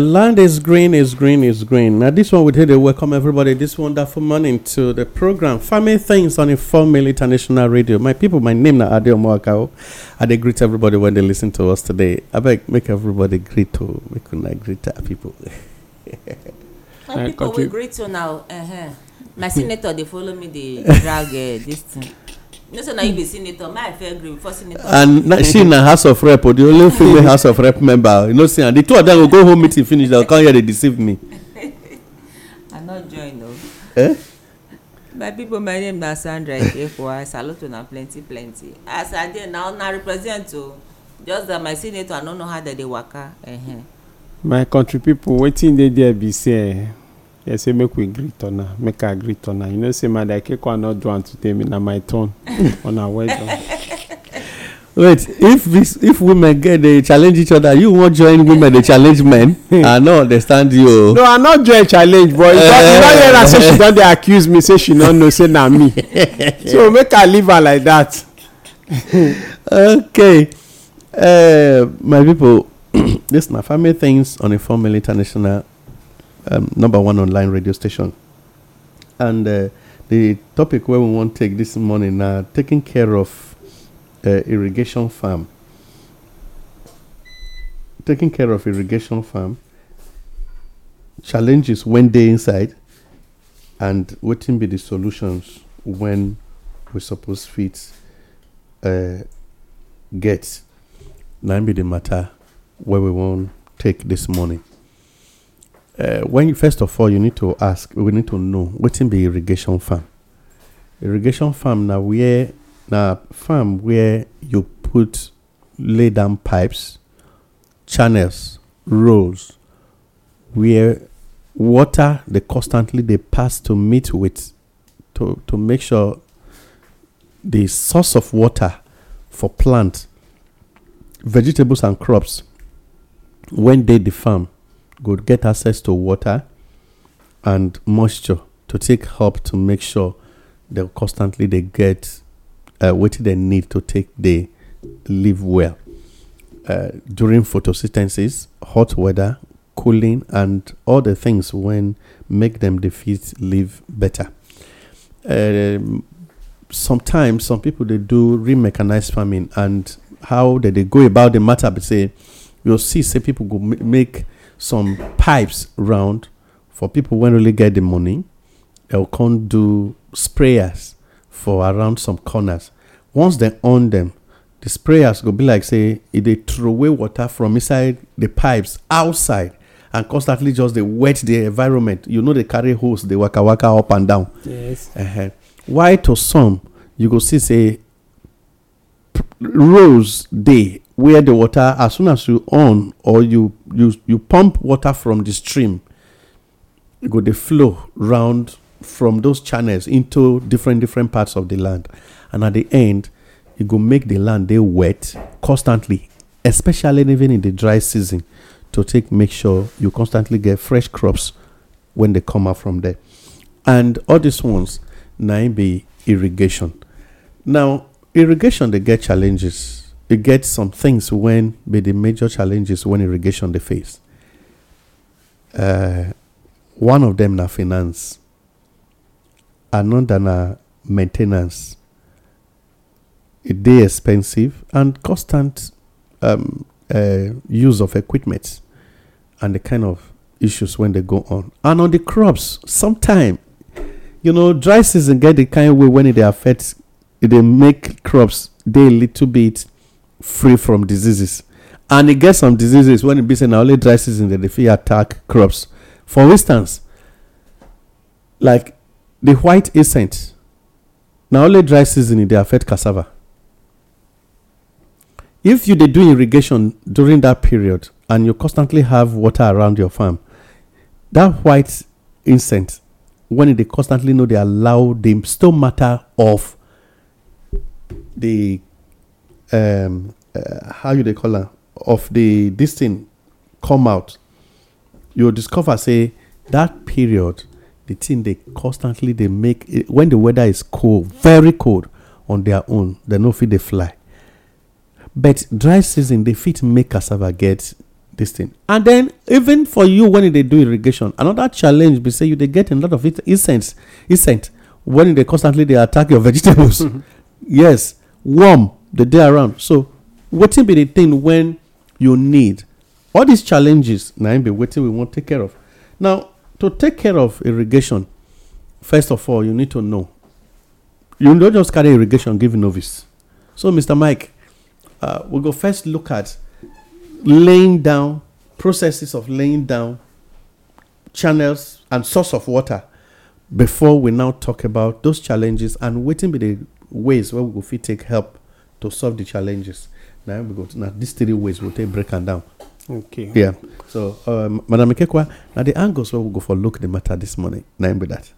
The land is green, is green, is green. Now, this one we here to welcome everybody this wonderful morning to the program Family Things on Informal International Radio. My people, my name is Adeo Mwakao. And they greet everybody when they listen to us today. I beg, make everybody greet to, oh. make una greet our people. my people will greet you now. Uh-huh. My senator, they follow me, they drag uh, this thing and she na house of rep or the only female house of rep member you know see and the two of them go go home meeting finish dem come here they deceive me. i no join o. Eh? my people, my name is sandra ikefo i salute una plenty plenty as i did now, now represent to just that my senator i don't know how dem dey waka. Uh -huh. my country pipo wetin dey there be say Yeah, say make we greet on her. Make I greet on her. You know, say Mother I not do want to tell me now my turn on her way Wait, if this, if women get they challenge each other, you won't join women, they challenge men. I no understand you. No, I not join challenge, but you don't hear her say she don't they accuse me, say she don't know, say na me. so make I leave her like that. okay. Uh, my people, this na family things on a formal international um, number one online radio station. And uh, the topic where we want to take this morning are uh, taking care of uh, irrigation farm. Taking care of irrigation farm. Challenges when they inside, and what can be the solutions when we suppose fit uh, get. Now be the matter where we want take this morning. Uh, when you, first of all you need to ask, we need to know what in irrigation farm. Irrigation farm now where now farm where you put lay down pipes, channels, roads, where water they constantly they pass to meet with to, to make sure the source of water for plants, vegetables and crops when they the farm good get access to water and moisture to take help to make sure they constantly they get uh, what they need to take they live well uh, during photosynthesis, hot weather, cooling, and all the things when make them defeat live better. Um, sometimes some people they do remechanize farming and how they they go about the matter? But say you'll see say people go make some pipes round for people when really get the money. They'll come do sprayers for around some corners. Once they own them, the sprayers go be like say if they throw away water from inside the pipes outside and constantly just they wet the environment. You know they carry hose, they waka waka up and down. Yes. Uh-huh. Why to some you go see say rose day where the water as soon as you on or you you you pump water from the stream go the flow round from those channels into different different parts of the land and at the end it go make the land they wet constantly especially even in the dry season to take make sure you constantly get fresh crops when they come out from there and all these ones now be irrigation now irrigation they get challenges you get some things when but the major challenges when irrigation they face. Uh, one of them na finance, another na maintenance. It they expensive and constant um, uh, use of equipment and the kind of issues when they go on. And on the crops, sometimes, you know, dry season get the kind of way when it affects, they make crops they little bit free from diseases. And it gets some diseases when it be in only dry season that they fear attack crops. For instance, like the white ascent, now only dry season they affect cassava. If you they do irrigation during that period and you constantly have water around your farm, that white insect, when they constantly know they allow the stomata of the um, uh, how you they call her of the this thing come out, you discover say that period, the thing they constantly they make it, eh, when the weather is cold, very cold on their own, they no fit they fly. But dry season they fit make cassava get this thing. And then even for you when they do irrigation, another challenge be say you they get a lot of it incense incense when they constantly they attack your vegetables. yes. Warm the day around so waiting be the thing when you need all these challenges Now, be waiting we won't take care of now to take care of irrigation first of all you need to know you don't just carry irrigation give novice so mr mike uh, we go first look at laying down processes of laying down channels and source of water before we now talk about those challenges and waiting be the ways where we will fit take help to solve the challenges. Now we go to, now these three ways we'll take break and down. Okay. Yeah. So, um, Madam Ikekwa, now the angles where we go for look the matter this morning. Now be that.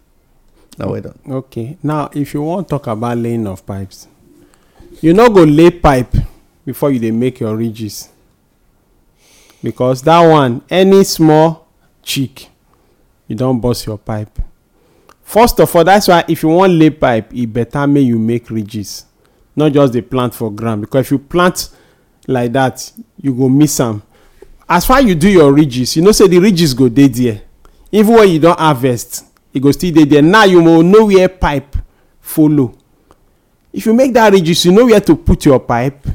Now we're done. Okay. Now, if you want to talk about laying of pipes, you not go lay pipe before you they make your ridges because that one any small cheek you don't bust your pipe first of all that's why if you want lay pipe it e better may you make ridges not just dey plant for ground because if you plant like that you go miss am as far you do your ridges you know say the ridges go dey there even when you don harvest e go still dey there now you go know where pipe follow if you make that ridges you know where to put your pipe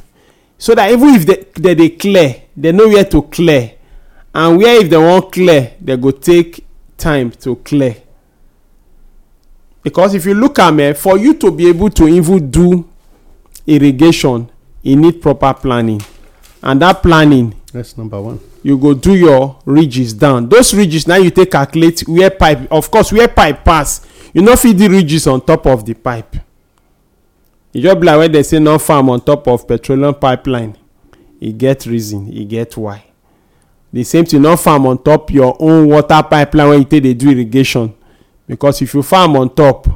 so that even if they dey clear they know where to clear and where if they wan clear they go take time to clear because if you look am eh for you to be able to even do irrigation e need proper planning and that planning that's number one you go do your ridges down those ridges now you take calculate where pipe of course where pipe pass you no fit the ridges on top of the pipe e just be like when they say no farm on top of petroleum pipeline e get reason e get why the same thing no farm on top your own water pipeline when you take dey do irrigation because if you farm on top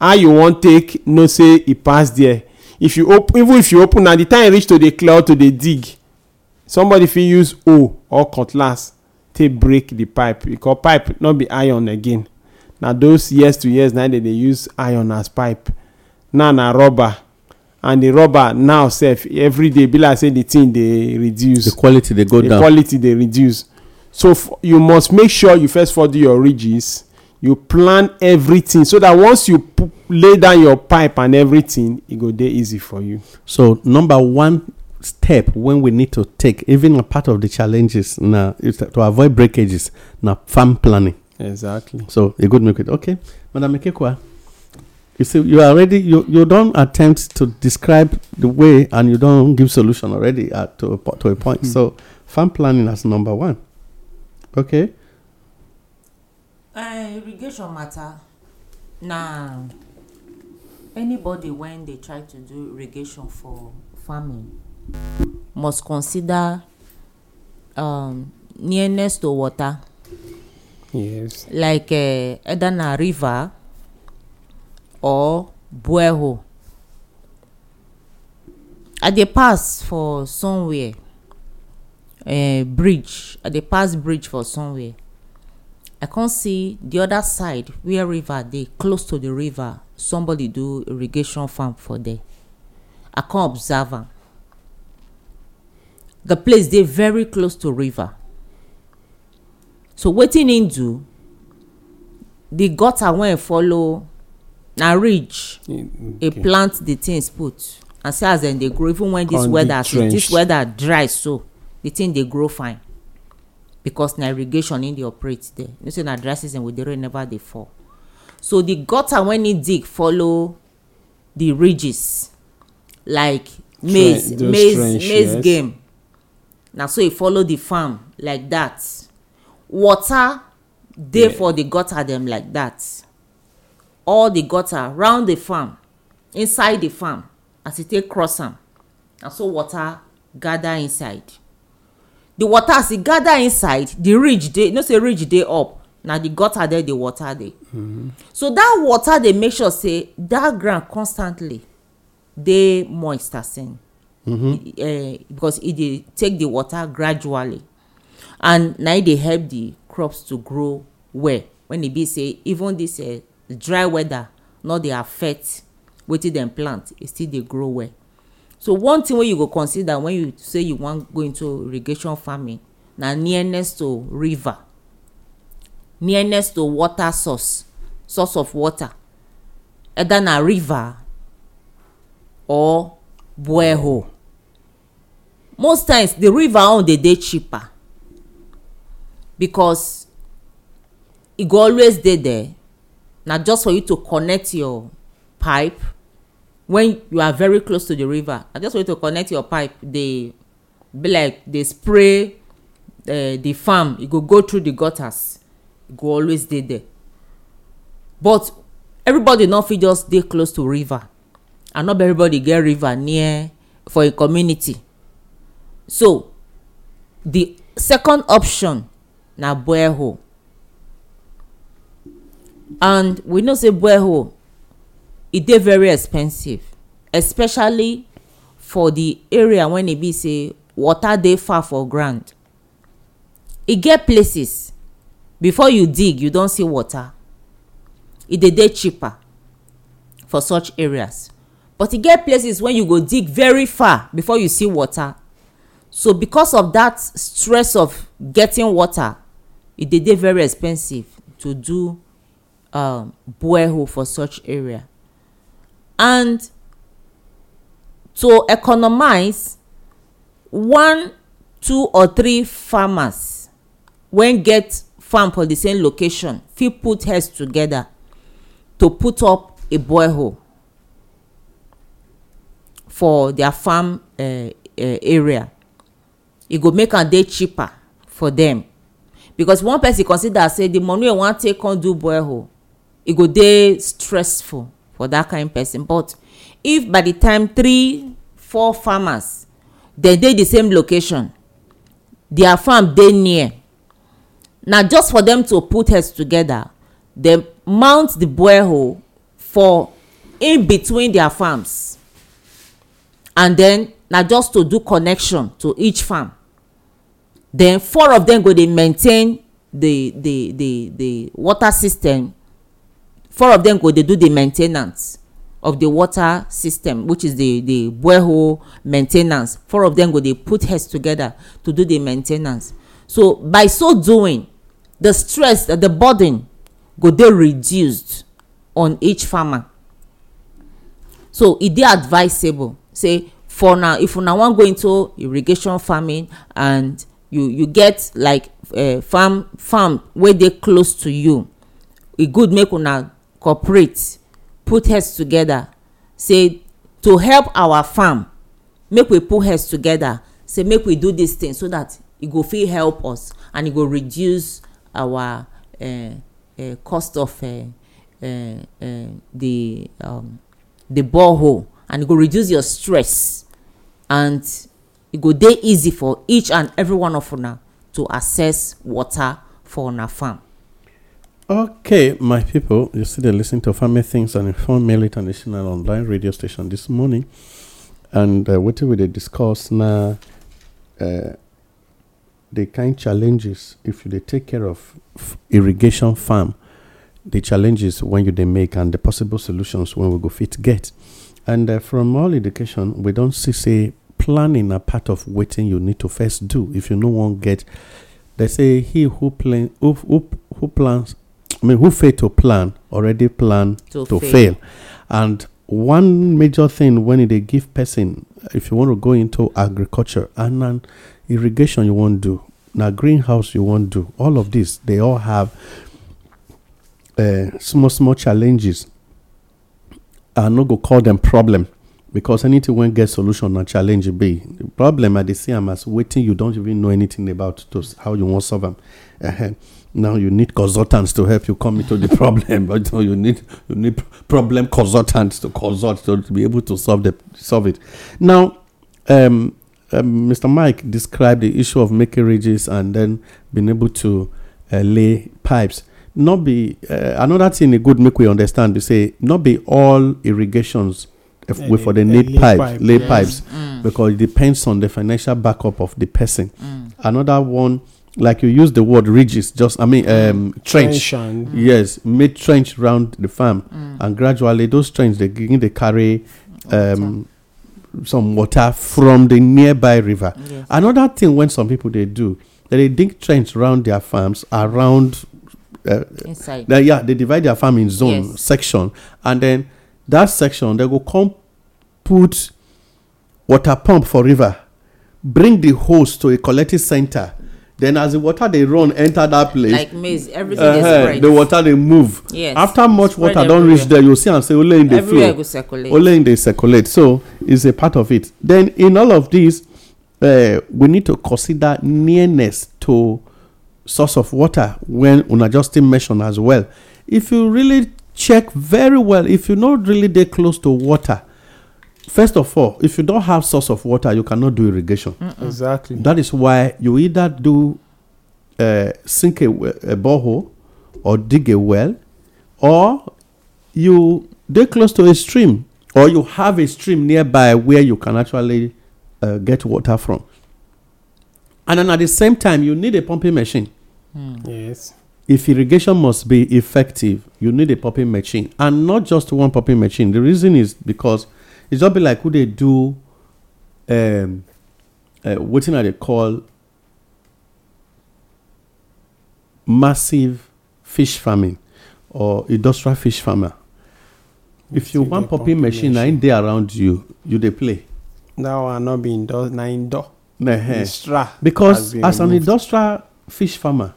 how you wan take know say e pass there if you open even if you open na the time reach to dey clear to dey dig somebody fit use hoe or cutlass take break the pipe because pipe no be iron again na those years to years na dem dey use iron as pipe now na rubber and the rubber now sef every day be like say the thing dey reduce the quality dey go the down the quality dey reduce so you must make sure you first follow your ridges you plan everything so that once you p- lay down your pipe and everything e go dey easy for you. so number one step when we need to take even a part of the challenges na to avoid breakages na farm planning. exactly. so you good make it okay madam ekekwa you see you already you you don attempt to describe the way and you don give solution already at uh, to a, to a point mm-hmm. so farm planning as number one okay um irrigation matter na anybody wen dey try to do irrigation for farming must consider um nearness to water. Yes. Like uh, either na river or borehole. I dey pass for somewhere um bridge I dey pass bridge for somewhere i can't see the other side where river They close to the river somebody do irrigation farm for there i can't observe am the place they very close to river so wetin im do the gutter wey im follow na ridge im mm, okay. plant the things put and see as dem dey grow even when this weather this weather dry so the thing they grow fine because na irrigation in dey operate there you know say na dry season with the rain never dey fall so the gutter wey need dig follow the ridges like maize Tre maize trench, maize yes. game na so e follow the farm like that water dey yeah. for the gutter dem like that all the gutter round the farm inside the farm as e take cross am na so water gather inside the water as e gather inside the ridge dey you know say ridge dey up na the gutter there the water dey mm-hmm. so that water dey make sure say that ground constantly dey moist as in mm-hmm. uh, because e dey take the water gradually and na e dey help the crops to grow well when e be say even this uh, dry weather no dey affect wetin dem plant e still dey grow well so one thing wey you go consider when you say you wan go into irrigation farming na nearness to river nearness to water source source of water either na river or borehole most times the river own dey dey cheaper because e go always dey there na just for you to connect your pipe when you are very close to the river I just want to connect your pipe dey be like dey spray uh, the farm e go go through the gutters e go always dey there but everybody no fit just dey close to river and not everybody get river near for a community so the second option na borehole and we know say borehole e dey very expensive especially for the area when e be say water dey far for ground e get places before you dig you don see water e dey dey cheaper for such areas but e get places wey you go dig very far before you see water so because of that stress of getting water e dey dey very expensive to do um borehole for such area and to economize one two or three farmers wen get farm for the same location fit put heads together to put up a borehole for their farm uh, uh, area e go make am dey cheaper for them because one person consider say the money wey e wan take come do borehole e go dey stressful for that kind person but if by the time three four farmers dem dey the same location their farm dey near na just for them to put heads together dem mount the borehole for in between their farms and then na just to do connection to each farm then four of them go dey maintain the the the the water system four of them go dey do the main ten ance of the water system which is the the borehole main ten ance four of them go dey put heads together to do the main ten ance so by so doing the stress uh, the burden go dey reduced on each farmer so e dey advisable say for now if una wan go into irrigation farming and you you get like uh, farm farm wey dey close to you e good make una cooperate put heads together say to help our farm make we put heads together say make we do this thing so that e go fit help us and e go reduce our uh, uh, cost of uh, uh, uh, the um, the borehole and e go reduce your stress and e go dey easy for each and every one of una to access water for una farm Okay, my people, you see, they're listening to Family Things and Inform Mail International online radio station this morning. And uh, what they discuss now, uh, the kind challenges if you they take care of f- irrigation farm, the challenges when you they make and the possible solutions when we go fit get. And uh, from all education, we don't see say planning a part of waiting you need to first do if you no one get. They say he who plan who, who, who plans mean, who fail to plan already plan to, to fail. fail. And one major thing when they give person, if you want to go into agriculture and irrigation, you won't do. Now greenhouse, you won't do. All of this, they all have uh, small small challenges. i no go call them problem because anything when get solution on challenge be the problem at the same as waiting you don't even know anything about those, how you want solve them. Uh-huh. Now you need consultants to help you come into the problem. so you need you need problem consultants to consult to, to be able to solve the solve it. Now, um, um, Mr. Mike described the issue of making ridges and then being able to uh, lay pipes. Not be uh, another thing. A good make we understand. They say not be all irrigations if we eh, for the eh, need pipe, pipe, lay yes. pipes mm. because it depends on the financial backup of the person. Mm. Another one like you use the word ridges just i mean um, trench, trench and, mm. yes made trench round the farm mm. and gradually those trench they begin to carry um, water. some water from the nearby river yes. another thing when some people they do they dig trench around their farms around uh, inside they, yeah they divide their farm in zone yes. section and then that section they go come put water pump for river bring the hose to a collecting center then as the water dey run enter that place like maize everything uh, uh-huh, dey spread the water dey move yes after much water don reach there you see am say only in dey flow circulate. only in dey circulate so it's a part of it then in all of this uh, we need to consider nearness to source of water when una just mention as well if you really check very well if you no really dey close to water First of all, if you don't have source of water, you cannot do irrigation. Mm-mm. Exactly. That is why you either do uh, sink a, a borehole or dig a well, or you they close to a stream, or you have a stream nearby where you can actually uh, get water from. And then at the same time, you need a pumping machine. Mm. Yes. If irrigation must be effective, you need a pumping machine, and not just one pumping machine. The reason is because It's just be like who they do um uh, what thing they call massive fish farming or industrial fish farmer. If you want popping machine na in dey around you, you dey play. Now I not be indoor na indoor. Extra because as removed. an industrial fish farmer,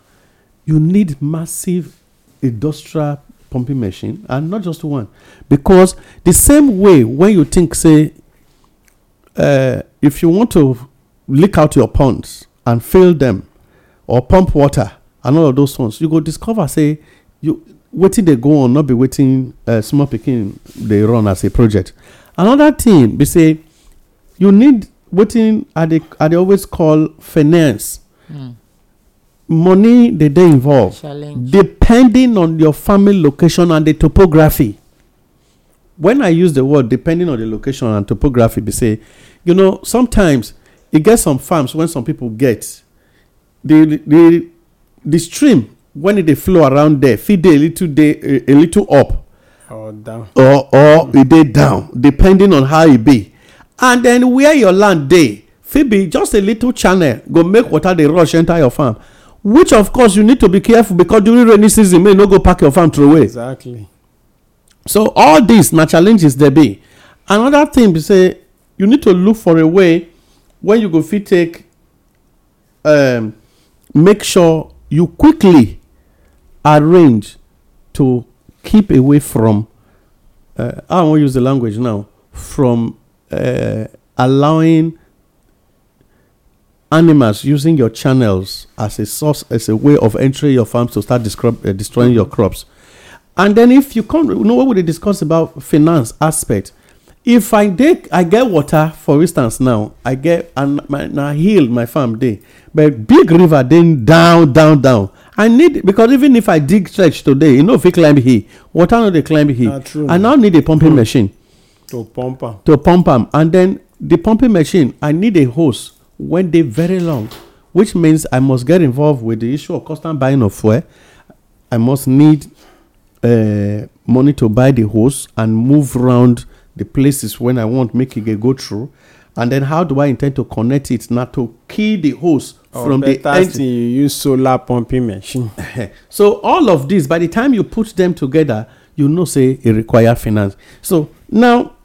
you need massive industrial pumping machine and not just one because the same way when you think say uh, if you want to leak out your ponds and fill them or pump water and all of those ones you go discover say you waiting they go on not be waiting uh, small picking they run as a project another thing they say you need waiting are they are they always call finance mm. money they they involve Challenge. depending on your family location and the topography when i use the word depending on the location and topography be say you know sometimes e get some farms when some people get the the the stream when e dey flow around there fit dey a little dey a, a little up or down or or mm. e dey down depending on how e be and then where your land dey fit be just a little channel go make water dey rush enter your farm which of course you need to be careful because during rainy season may no go pack your farm throw away exactly so all these na challenges there be another thing be say you need to look for a way wey you go fit take um, make sure you quickly arrange to keep away from uh, i wan use the language now from uh, allowing animals using your channels as a source as a way of entering your farms to start discro- uh, destroying your crops and then if you come you know what we discuss about finance aspect if i take i get water for instance now i get and my na hill my farm day. but big river then down down down i need because even if i dig trench today you e know fit climb here. water no dey climb here. ah, i now need a pumping mm. machine to pump am to pump am and then the pumping machine i need a hose When they very long, which means I must get involved with the issue of constant buying of fuel. I must need uh, money to buy the hose and move around the places when I want make it go through. And then how do I intend to connect it not to key the hose oh, from the end? You use solar pumping machine. so all of this, by the time you put them together, you know say it require finance. So now,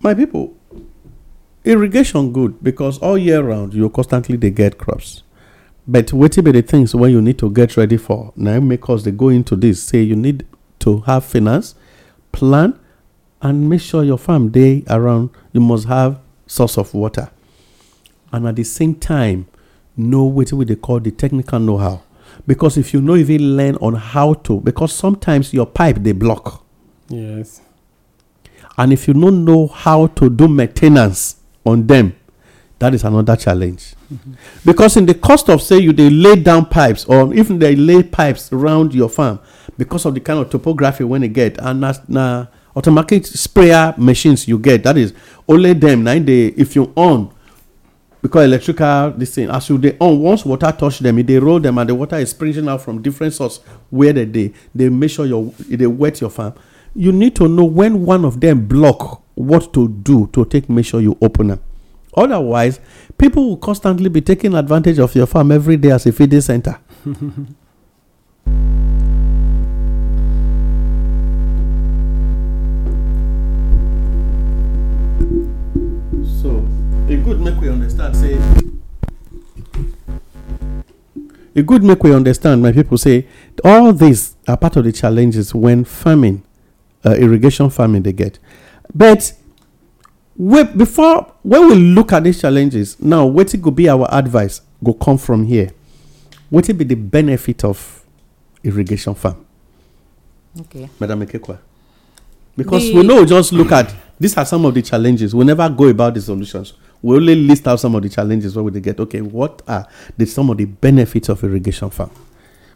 my people, irrigation good because all year round you constantly they get crops but wetin be the things when you need to get ready for now make us go into this say you need to have finance plan and make sure your farm day around you must have source of water and at the same time know what we dey call the technical know-how because if you know even learn on how to because sometimes your pipe they block yes and if you don't know how to do maintenance on them that is another challenge mm-hmm. because in the cost of say you they lay down pipes or even they lay pipes around your farm because of the kind of topography when they get and that's na automatic sprayer machines you get that is only them nine day if you own because electrical this thing as you they on once water touch them if they roll them and the water is springing out from different source where they they, they make sure your they wet your farm you need to know when one of them block what to do to take make sure you open them. Otherwise, people will constantly be taking advantage of your farm every day as a feeding center. so a good make we understand say a good make we understand my people say all these are part of the challenges when farming uh, irrigation farming they get but we, before when we look at these challenges now what it could be our advice go come from here what it be the benefit of irrigation farm okay madam Ekekwa. because the, we know just look at these are some of the challenges we never go about the solutions we only list out some of the challenges What would they get okay what are the some of the benefits of irrigation farm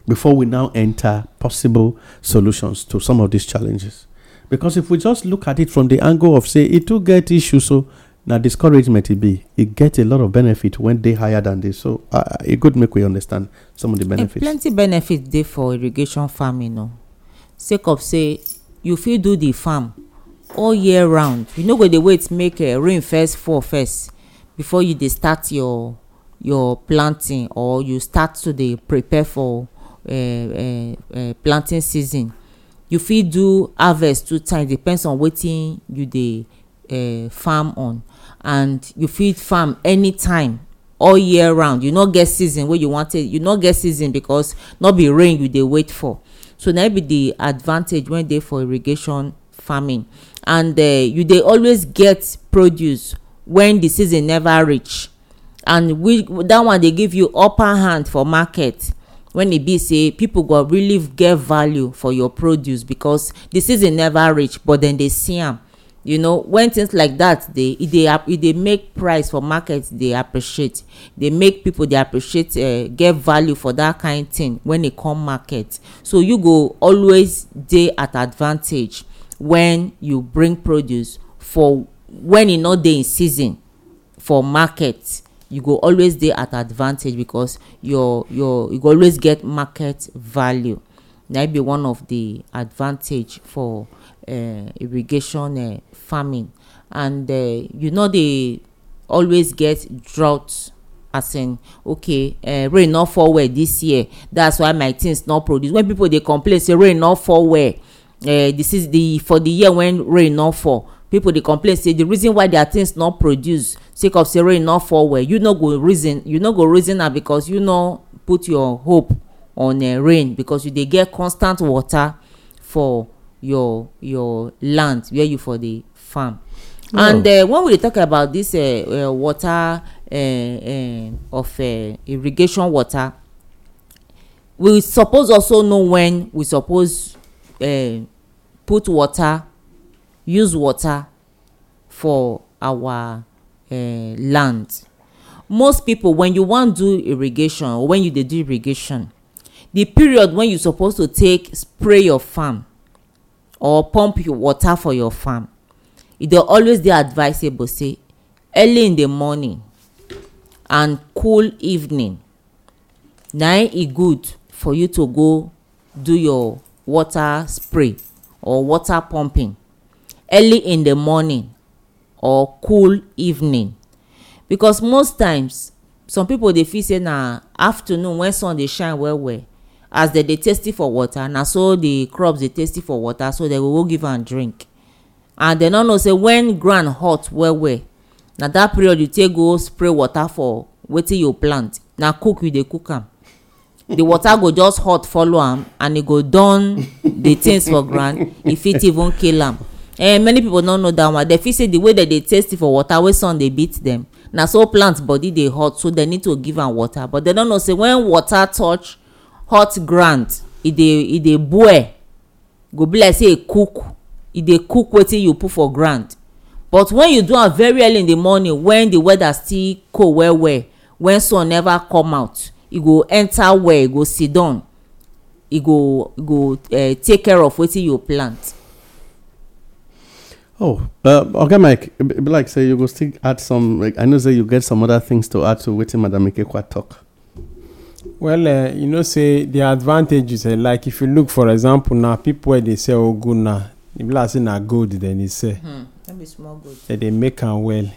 before we now enter possible solutions to some of these challenges because if we just look at it from the angle of say it do get issue so now discouragement it be It e get a lot of benefit when they higher than this so uh, uh e good make we understand some of the eh, benefits. And plenty benefit dey for irrigation farming no. sake of say you fit do the farm all year round you no go dey wait make uh, rain first fall first before you dey start your your planting or you start to dey prepare for uh, uh, uh, planting season you fit do harvest two times depends on wetin you dey um farm on and you fit farm anytime all year round you no get season wey you wan you no get season because no be rain you dey wait for so na be the advantage wey dey for irrigation farming and uh, you dey always get produce when the season never reach and we that one dey give you upper hand for market when e be say people go really get value for your produce because the season never reach but then they see am you know when things like that dey e dey e dey make price for market dey appreciate dey make people dey appreciate uh, get value for that kind thing when e come market so you go always dey at advantage when you bring produce for when e no dey in season for market you go always dey at advantage because your your you go always get market value na be one of the advantage for uh, irrigation uh, farming and uh, you no dey always get drought as in okay uh, rain no fall well this year that's why my things no produce when people dey complain say rain no fall well uh, the season the for the year when rain no fall people dey complain say the reason why their things no produce sake of say rain no fall well you no go reason you no go reason am because you no put your hope on uh, rain because you dey get constant water for your your land where you for dey farm. Oh. and uh, when we dey talk about this uh, uh, water uh, uh, of uh, irrigation water we suppose also know when we suppose uh, put water use water for our uh, land most people when you wan do irrigation or when you dey do irrigation the period when you suppose to take spray your farm or pump your water for your farm e dey always dey advisable say early in the morning and cool evening na e good for you to go do your water spray or water pumping early in the morning or cool evening because most times some people dey feel say na afternoon when sun dey shine well well as dem dey thirsty for water na so the crops dey thirsty for water so dem go go give am drink and dem no know say when ground hot well well na that period you take go spray water for wetin you plant na cook you dey cook am the water go just hot follow am and e go don the things for ground e fit even kill am eh, many people no know that one dem fit say the way dem dey taste for water wey sun dey beat dem na so plant body dey hot so dem need to give am water but dem no know say when water touch hot ground e dey e dey boil go be like say e cook e dey cook wetin you put for ground but when you do am very early in the morning when the weather still cold well well when sun never come out e go enter well e go siddon e go e go uh, take care of wetin you plant Oh, uh, okay, Mike. Like say, you go still add some. Like, I know say you get some other things to add to waiting, Madam Ikekwa talk. Well, uh, you know, say the advantages. Uh, like if you look, for example, now people where they sell oguna, if last in a good, then they say. Hmm. That small gold. That they make and well,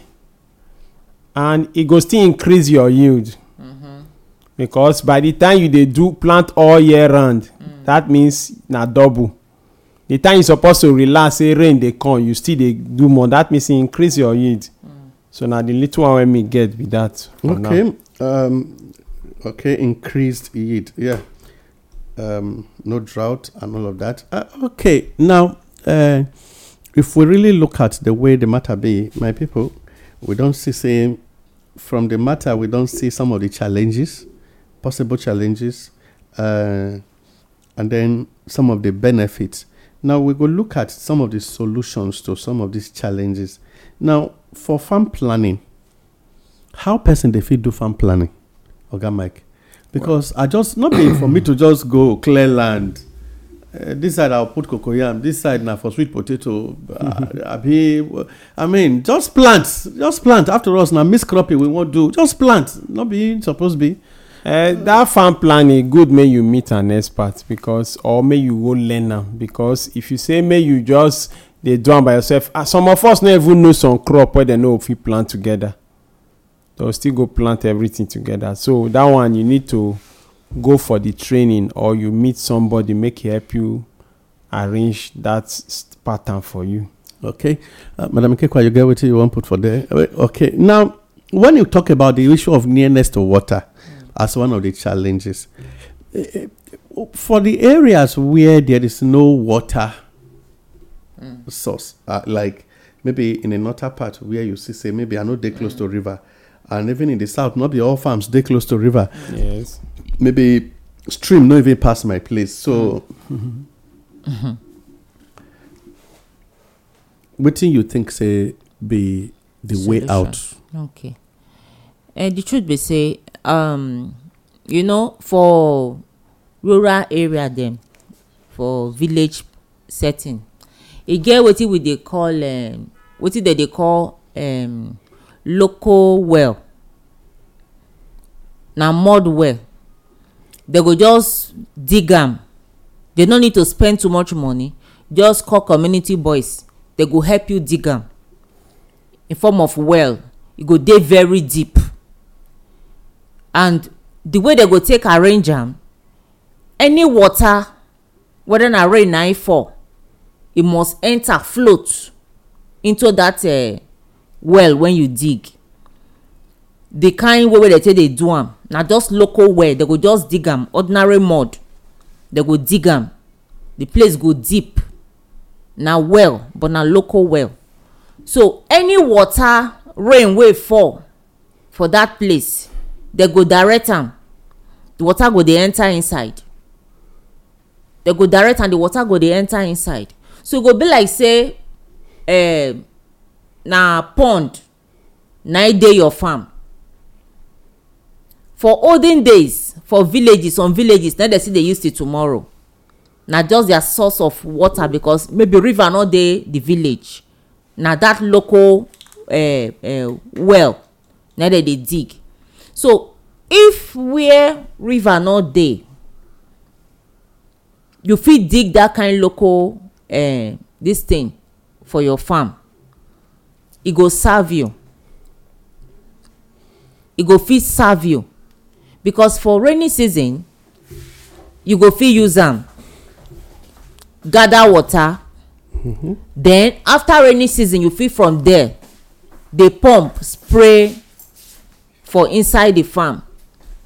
and it go still increase your yield. Mm-hmm. Because by the time you they do plant all year round, mm. that means na double the time you suppose to relax say rain dey come you still dey do more that means increase your yield so na the little one wey me get be that Okay. um, okay increased yield yeah um, no drought and all of that uh, okay now uh, if we really look at the way the matter be my people we don't see say from the matter we don't see some of the challenges possible challenges uh, and then some of the benefits Now we go look at some of the solutions to some of these challenges. Now for farm planning, how person dey fit do farm planning, Oga Mike? Because well. I just not be for me to just go clear land. Uh, this side I'll put cocoyam, this side now for sweet potato. mm Uh, I mean, just plant, just plant. After us now, miss cropping we won't do. Just plant, not be supposed be. Eh, that farm planning good may you meet an expert because or may you go learn am because if you say may you just dey do am by yourself ah, some of us no even know some crop wey dem no fit plant together so still go plant everything together so that one you need to go for the training or you meet somebody make e help you arrange that pattern for you okay uh, madam kekwa you get wetin you wan put for there eh, okay now when you talk about the issue of nearness to water as one of the challenges. For the areas where there is no water mm. source, uh, like maybe in the northern part where you see, say, maybe I know they close mm. to hmm. river, and even in the south, not all farms they close to river. Yes. Maybe stream not even past my place. So, mm. hmm what do you think say be the Solution. way out? Okay. Uh, the truth be say um, you know for rural area dem for village setting e get wetin we dey call um, wetin dem dey call um, local well na mud well dem go just dig am dem no need to spend too much money just call community boys dem go help you dig am in form of well e go dey very deep and the way they go take arrange am any water whether na rain na e fall e must enter float into that uh, well when you dig the kind way wey dey take dey do am na just local well they go just dig am ordinary mud they go dig am the place go deep na well but na local well so any water rain wey fall for that place dem go direct am the water go dey enter inside dem go direct am the water go dey enter inside so e go be like say uh, na pond na e dey your farm for olden days for villages some villages na e dem still dey use till tomorrow na just their source of water because maybe river no dey the village na that local uh, uh, well na dem dey dig so if where river no dey you fit dig that kind local um, this thing for your farm e go serve you e go fit serve you because for rainy season you go fit use am gather water mm -hmm. then after rainy season you fit from there dey pump spray for inside the farm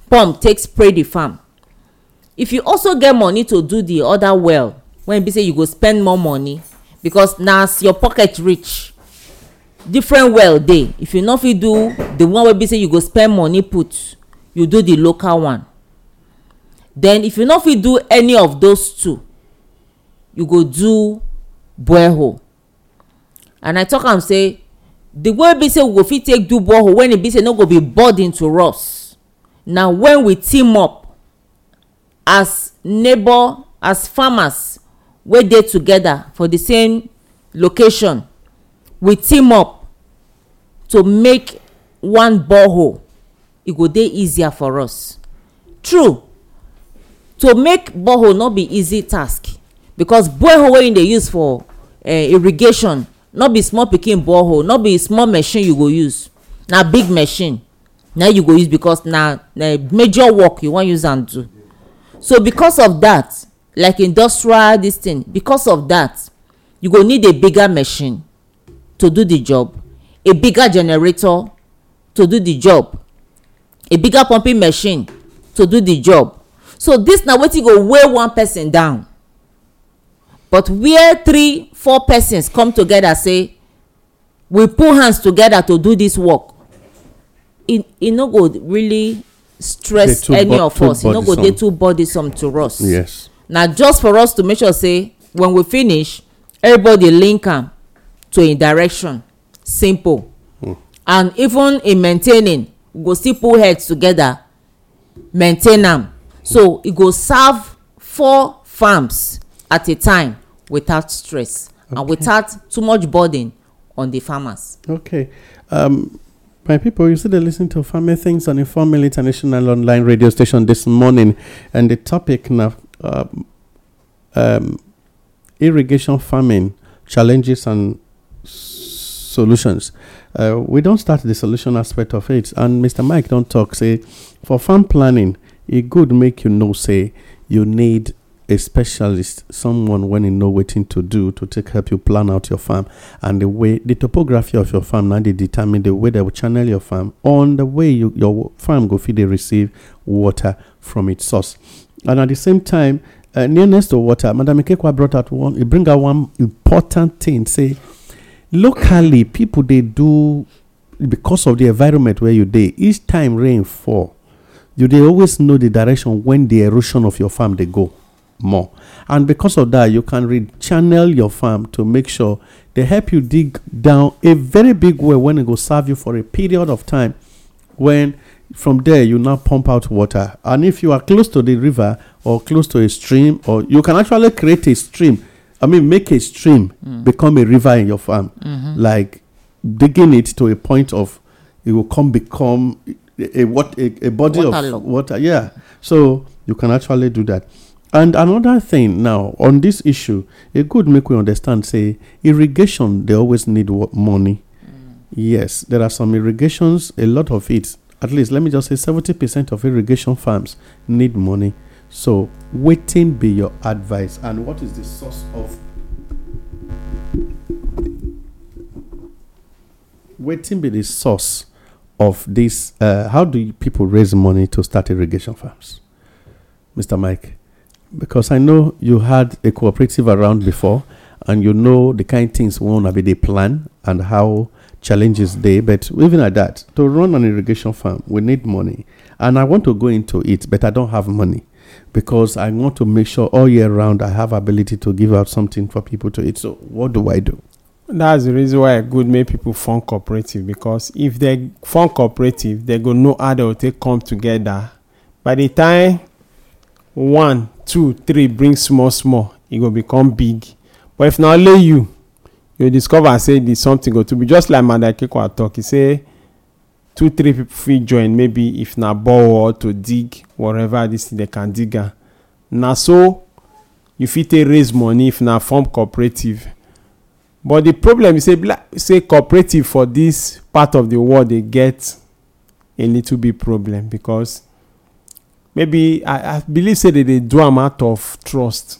pump take spray the farm if you also get money to do the other well when e be say you go spend more money because na as your pocket reach different well dey if you no fit do the one wey be say you go spend money put you do the local one then if you no fit do any of those two you go do borehole and i talk am say the way be say we go fit take do borehole when e be say no go be burden to us na when we team up as neighbor as farmers wey dey together for the same location we team up to make one borehole e go dey easier for us true to make borehole no be easy task because borehole wey you dey use for uh, irrigation no be small pikin borehole no be small machine you go use na big machine na you go use because na na major work you wan use am do so because of that like industrial this thing because of that you go need a bigger machine to do the job a bigger generator to do the job a bigger pumping machine to do the job so this na wetin go weigh one person down but where three four persons come together say we put hands together to do this work e e no go really stress any of us e no go dey too bodysome to us yes na just for us to make sure say when we finish everybody link am to a direction simple mm. and even in maintaining we go still pull heads together maintain am so e go serve four farms at a time without stress okay. and without too much burden on the farmers. Okay. Um, my people, you see, they listen to Farming Things on a formal International Online Radio Station this morning, and the topic now um, um, irrigation farming challenges and solutions. Uh, we don't start the solution aspect of it, and Mr. Mike don't talk. Say, for farm planning, it could make you know. Say, you need a specialist, someone when you know waiting to do to take help you plan out your farm and the way the topography of your farm now they determine the way they will channel your farm on the way you, your farm go feed they receive water from its source. And at the same time, uh, nearness to water, Madam Ikekwa brought out one, it bring out one important thing. Say, locally, people they do because of the environment where you day. Each time rain fall, you they always know the direction when the erosion of your farm they go more. And because of that, you can rechannel your farm to make sure they help you dig down a very big well when it will serve you for a period of time. When from there you now pump out water, and if you are close to the river or close to a stream, or you can actually create a stream. I mean, make a stream mm. become a river in your farm, mm-hmm. like digging it to a point of it will come become a what a, a, body water of log. water. Yeah, so you can actually do that and another thing now on this issue it could make we understand say irrigation they always need money mm. yes there are some irrigations a lot of it at least let me just say 70% of irrigation farms need money so waiting be your advice and what is the source of waiting be the source of this uh, how do people raise money to start irrigation farms mr mike because I know you had a cooperative around before and you know the kind things one have they plan and how challenges they but even at that to run an irrigation farm we need money and i want to go into it but i don't have money because i want to make sure all year round i have ability to give out something for people to eat so what do i do that's the reason why i good make people form cooperative because if they form cooperative they go know how they will take come together by the time one two three bring small small e go become big but if na only you you discover say the something go too be just like madam kekwa talk e say two three people fit join maybe if na borehole to dig whatever this thing they can dig am na so you fit take raise money if na form cooperative but the problem is say say cooperative for this part of the world dey get a little bit problem because maybe i i believe say they do a out of trust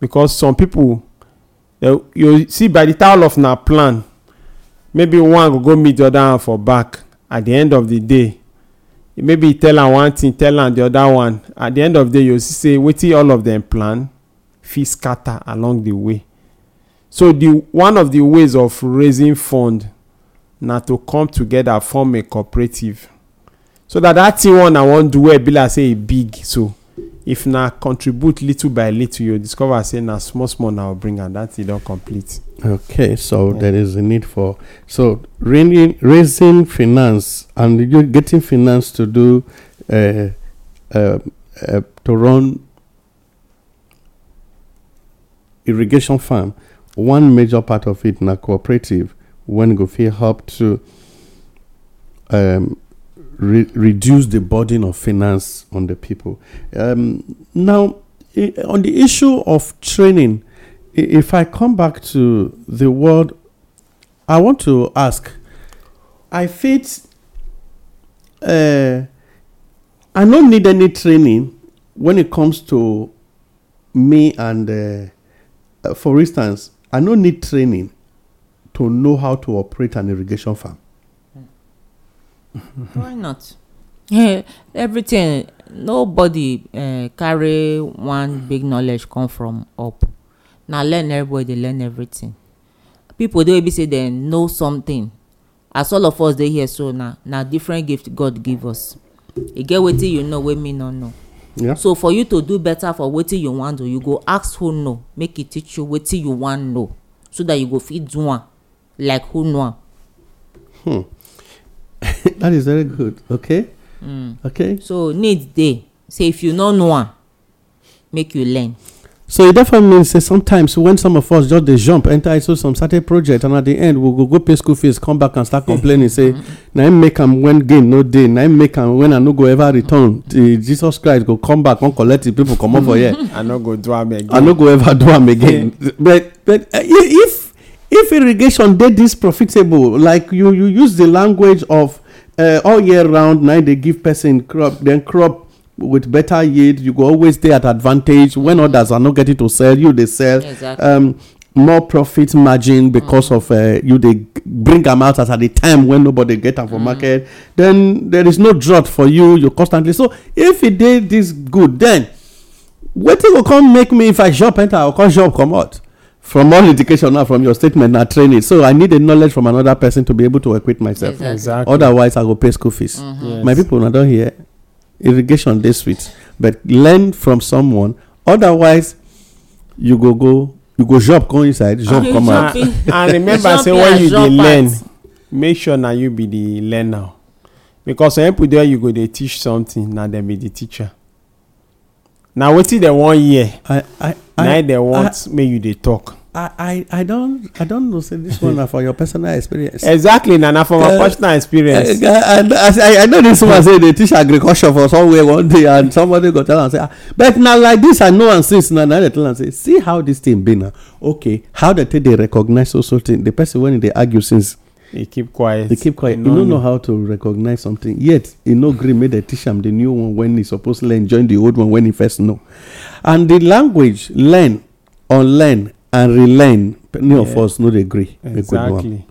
because some people you see by the time of na plan maybe one go go meet the other one for back at the end of the day maybe you tell am one thing tell am the other one at the end of the day you see say wetin all of them plan fit scatter along the way so the one of the ways of raising fund na to come together form a cooperative so that that thing one i wan do well be like say e big so if na contribute little by little you discover say na small small na bring am that thing don complete. okay so yeah. there is a need for so really raising finance and you getting finance to do uh, uh, uh, to run irrigation farm one major part of it na cooperative when go fit help to um, re- reduce the burden of finance on the people. Um, now, on the issue of training, if I come back to the word, I want to ask. I fit. Uh, I don't need any training when it comes to me and, uh, uh, for instance, I don't need training to know how to operate an irrigation farm. why not yeah, everything nobody uh, carry one big knowledge come from up na learn everybody dey learn everything people dey wey be say dem know something as all of us dey here so na na different gift god give us e get wetin you know wey me no know yeah. so for you to do better for wetin you wan do you go ask who know make e teach you wetin you wan know so that you go fit do am like who know am. Hmm. that is very good okay mm. okay so need dey say if you no know am make you learn so e definitely mean say sometimes when some of us just dey jump enter into some certain project and at the end we go go pay school fees come back and start complaining say mm-hmm. na im make am when gain no dey na im make am when i no go ever return till jesus christ go come back come collect the people comot for here i no go do am again i no go ever do am again but but eh, if if irrigation dey this profitable like you you use the language of uh, all year round na dey give person crop then crop with better yield you go always dey at advantage when others are not getting to sell you dey sell um, more profit margin because mm. of uh, you dey bring am out at a time when nobody get am for mm. market then there is no drought for you you constantly so if e dey this good then wetin go come make me if i jump enter or come shop comot from all indication now from your statement na training so i need a knowledge from another person to be able to equip myself exactly, otherwise i go pay school fees mm -hmm. yes. my people na don hear irrigation dey sweet but learn from someone otherwise you go go you go chop come inside chop come out and remember say when you dey learn make sure na you be the learner because some people there you go dey teach something na dem be the teacher na wetin dem wan hear. I, I, na dem want make you they talk. i i i don't i don't know say this one for your personal experience exactly Nana, for my uh, personal experience uh, uh, i i i know this one say they teach agriculture for somewhere one day and somebody go tell and say ah, but now like this, i know and since na i dey tell and say see how this thing been na okay how they take dey recognize so so thing the person when they argue since He keep quiet. He keep quiet. He, no know how to recognize something. Yet he no agree make they teach him the new one when he supposed to learn, join the old one when he first know. And the language learn, unlearn, and relearn. Many yeah. of us no agree. Exactly.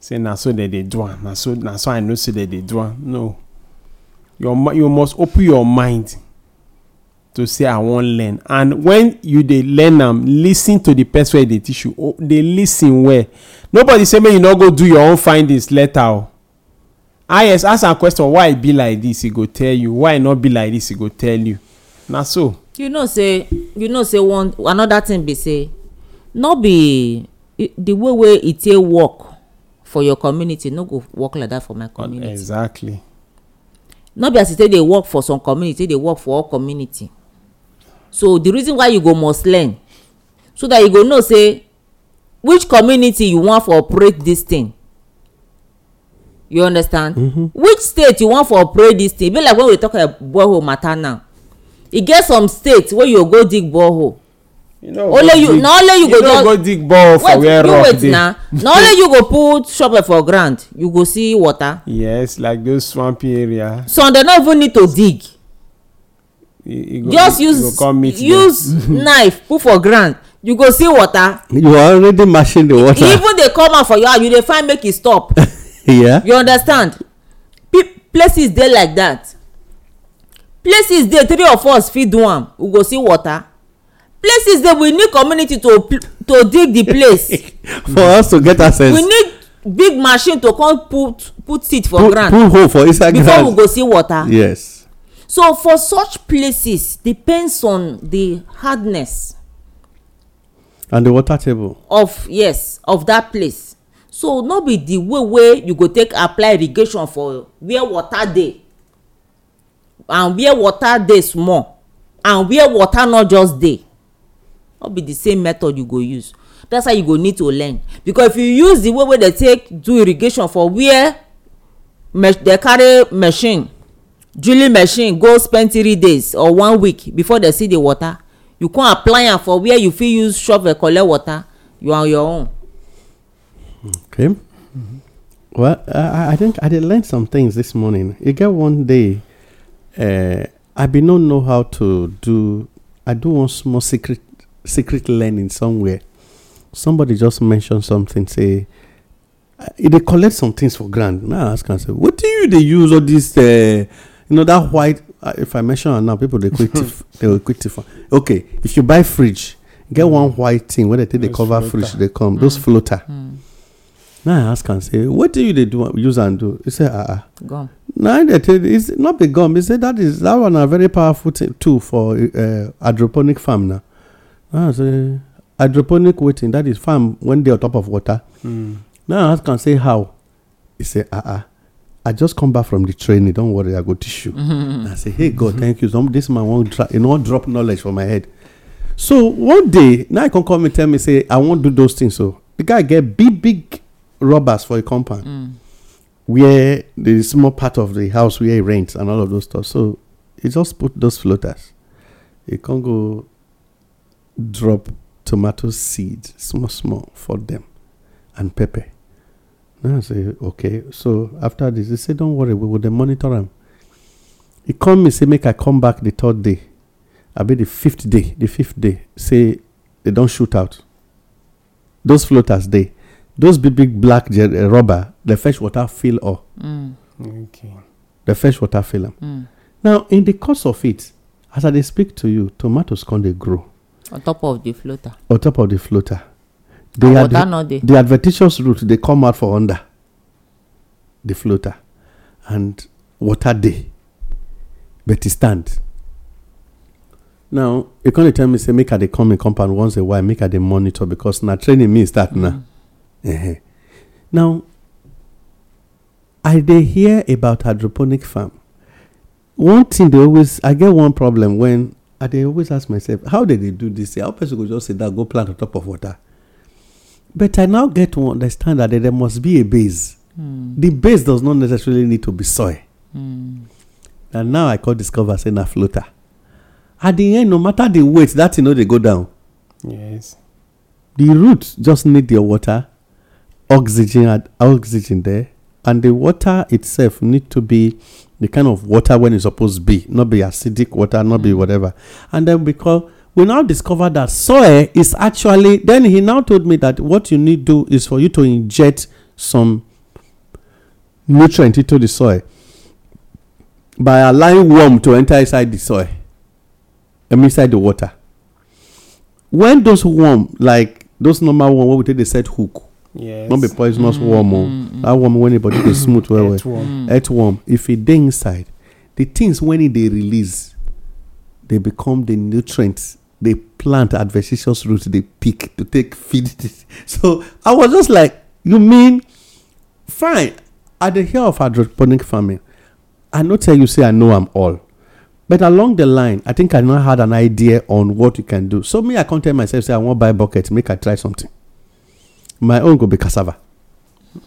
Say now so that they do. Now so now so I know so that they do. No. Your you must open your mind to say I wan learn and when you dey learn them, lis ten to the person where they teach you oh, dey lis ten well nobody say make you no go do your own findings later o oh. is ask am question why e be like this e go tell you why e no be like this e go tell you na so. you know say you know say one another thing be say no be the way wey e take work for your community no go work like that for my community. exactly. no be as e take dey work for some community e dey work for all community so the reason why you go must learn so that you go know say which community you wan for operate this thing you understand mm -hmm. which state you wan for operate this thing be like when we talk about borehole matter now e get some states wey you go dig borehole you know, only you na only you, go just go dig borehole for where rock dey na na only you go put shovel for ground you go see water yes like those swampy area some dem no even need to dig e, e go, just e use use knife put for ground you go see water. you are already mashing the water. even dey come out for your house you dey find make e stop. yeah. you understand places dey like that places dey three of us fit do am we go see water places dey we need community to to dig the place. for us to get access. we need big machine to come put put seed for put, ground. put hole for inside ground before we go see water. yes. so for such places depends on the hardness and the water table of yes of that place so no be the way wey you go take apply irrigation for where water dey and where water dey small and where water no just dey no be the same method you go use that's why you go need to learn because if you use the way wey dey take do irrigation for where dey carry machine drilling machine go spend three days or one week before dey see the water you come apply am for where you fit use shovel collect water you on your own. okay mm-hmm. well uh, i think i did learn some things this morning e get one day uh, i bin no know how to do i do one small secret secret learning somewhere somebody just mention something say e eh, dey collect some things for ground now i ask am say wetin you dey use all this uh, you know that white uh, if I mention her now, people they quit. they will quit. Okay, if you buy fridge, get mm. one white thing When they take the cover floater. fridge. They come mm. those floater. Mm. Now I ask and say, what do you they do use and do? You say, ah, ah. gum. Now they tell it's not the gum. They say that is that one a very powerful t- tool for uh, hydroponic farm now. Now I say hydroponic waiting that is farm when they on top of water. Mm. Now I ask and say how. He say, ah, ah. I just come back from the training. Don't worry, I go teach you. Mm-hmm. I say, hey God, thank you. Some this man won't try, you know, drop knowledge from my head. So one day, now he can come and tell me, say, I won't do those things. So the guy get big, big robbers for a compound mm. where the small part of the house where he rents and all of those stuff. So he just put those floaters. He can go drop tomato seeds small, small for them and pepper. Then I say, okay. So after this, he said, don't worry, we will monitor him. He come me, say, make I come back the third day. I'll be the fifth day. The fifth day, say, they don't shoot out. Those floaters, they, those big, big black uh, rubber, the fresh water fill all. Mm. Okay. The fresh water fill them. Mm. Now, in the course of it, as I speak to you, tomatoes can they grow. On top of the floater. On top of the floater they and water no dey. the adventitious route. They come out for under the floater and water dey but e stand now you con tell me say make her. They come in compound once a while make her. They monitor because now training me start now mm. -huh. now i they hear about hydroponic farm one thing dey always i get one problem when i they always ask myself how did they do this how person go just sit down go plant on top of water But I now get to understand that there must be a base. Mm. The base does not necessarily need to be soil. Mm. And now I could discover saying a floater. At the end, no matter the weight, that you know they go down. Yes. The roots just need your water, oxygen and oxygen there, and the water itself need to be the kind of water when it's supposed to be, not be acidic water, not mm. be hmm. whatever. And then because we now discover that soil is actually then he now told me that what you need do is for you to inject some nutrient into the soil by allowing worm to enter inside the soil and inside the water when those worm like those normal worm wey we take the set hook yes. no be poisonous mm, worm o oh, mm, mm-hmm. that worm when anybody dey smooth well well earthworm mm. worm. if it dey inside the things when e dey release they become the nutrients they plant adventitious roots they pick to take feed this. So I was just like, you mean fine. at the hear of hydroponic farming. I not tell you say I know I'm all. But along the line, I think I now had an idea on what you can do. So me, I content myself, say I want buy bucket, make I try something. My own go be cassava.